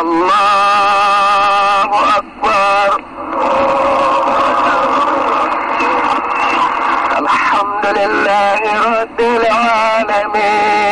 الله أكبر الحمد لله رب العالمين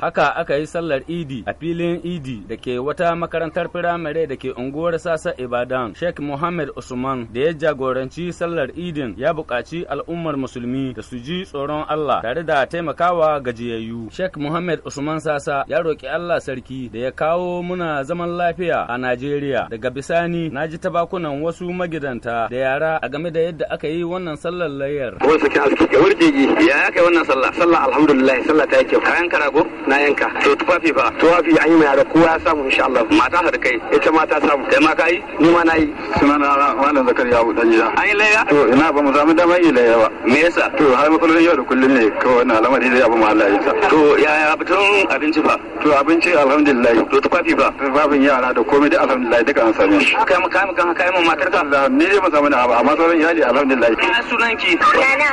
Haka aka yi sallar Idi a filin Idi da ke wata makarantar firamare da ke unguwar Sasa Ibadan. Sheikh Muhammad Usman da ya jagoranci sallar Idin ya buƙaci al'ummar musulmi da su ji tsoron Allah tare da taimakawa gajiyayyu. Sheikh Muhammad Usman Sasa ya roƙi Allah sarki da ya kawo muna zaman lafiya a Najeriya. Daga bisani na ji tabakunan wasu magidanta da yara a game da yadda aka yi wannan sallar layar. Wani ya aka yi wannan sallah, sallah alhamdulillah, sallah ta kayan karago. na yanka to tufafi fa tufafi an yi mai da kowa ya samu insha Allah mata har kai ita mata samu kai ma kai ni ma nayi sunana wannan zakariya abu dan gida an yi laya to ina ba mu samu damar yi laya ba me yasa to har matsalolin yau da kullun ne kawai wannan alamar da abu ma Allah ya sa to yaya batun abinci fa to abinci alhamdulillah to tufafi fa babin yara da komai da alhamdulillah duka an same shi kai mu kai mu kan kai mu matar ka Allah ni ne mu samu na ba amma sauran iyali alhamdulillah ina sunan ki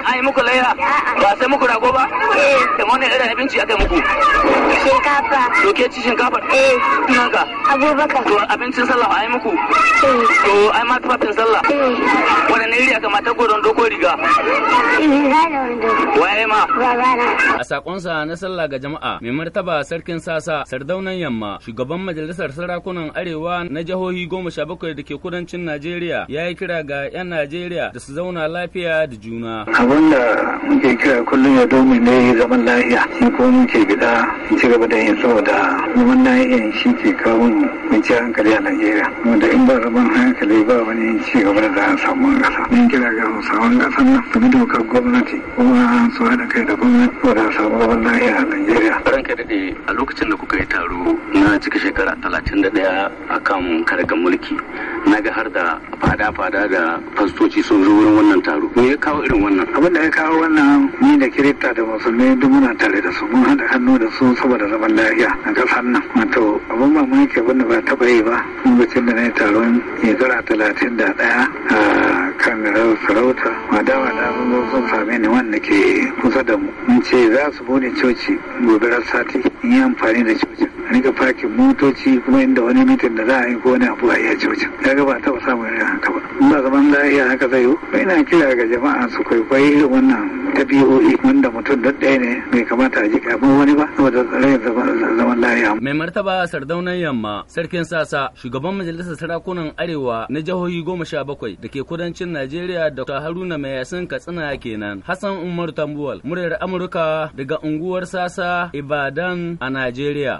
ai muku laya ba sai muku rago ba eh kamar ne irin abinci aka muku shinkafa. To ke ci shinkafa? Eh. Sunanka? Abubakar. To abincin sallah ai muku? Eh. To ai ma tufafin sallah? Eh. Wadanne iri aka mata gudun doko riga? Eh, riga Waye ma? A sakonsa na sallah ga jama'a, mai martaba sarkin sasa sardaunan yamma, shugaban majalisar sarakunan arewa na jihohi goma sha bakwai da ke kudancin Najeriya ya yi kira ga 'yan Najeriya da su zauna lafiya da juna. Abin da muke kira kullum ya domi ne zaman lafiya, N'i ko mun ke gida mun ci gaba da yin saboda zaman lafiya shi ke kawo ci hankali a Najeriya. Wanda in ba zaman hankali ba wani ci gaba da za a samu ƙasa. Mun kira ga Hausawan ƙasa na? su bi dokar gwamnati su haɗa kai da gwamnati ko samu zaman lafiya a Najeriya. Ranka daɗe a lokacin da kuka yi taro na cika shekara talatin da ɗaya a kan karga mulki na ga har da fada-fada da fastoci sun zo wurin wannan taro. Me ya kawo irin wannan? Abin da ya kawo wannan ni da kirista da musulmai duk muna tare da su mun haɗa hannu da su saboda zaman lahiya a ƙasar nan. Wato abin mamaki abin da ba taɓa yi ba lokacin da na yi taron shekara talatin da ɗaya kan sarauta madawa da sun sun same ni wanda ke kusa da mu mun ce za su bude coci gobe sati in yi amfani da cocin rika fakin motoci kuma inda wani mitin da za a yi ko wani abu a iya jojin kaga ba samun irin haka ba in ba zaman lafiya haka zai yi ba ina kira ga jama'a su kwaikwayi irin wannan ɗabi'o'i wanda mutum da ɗaya ne mai kamata a ji kamar wani ba saboda rayin zaman lafiya. mai martaba sardaunan yamma sarkin sasa shugaban majalisar sarakunan arewa na jihohi goma sha bakwai da ke kudancin najeriya da haruna mai yasin katsina kenan hassan umar tambuwal muryar amurka daga unguwar sasa ibadan a najeriya.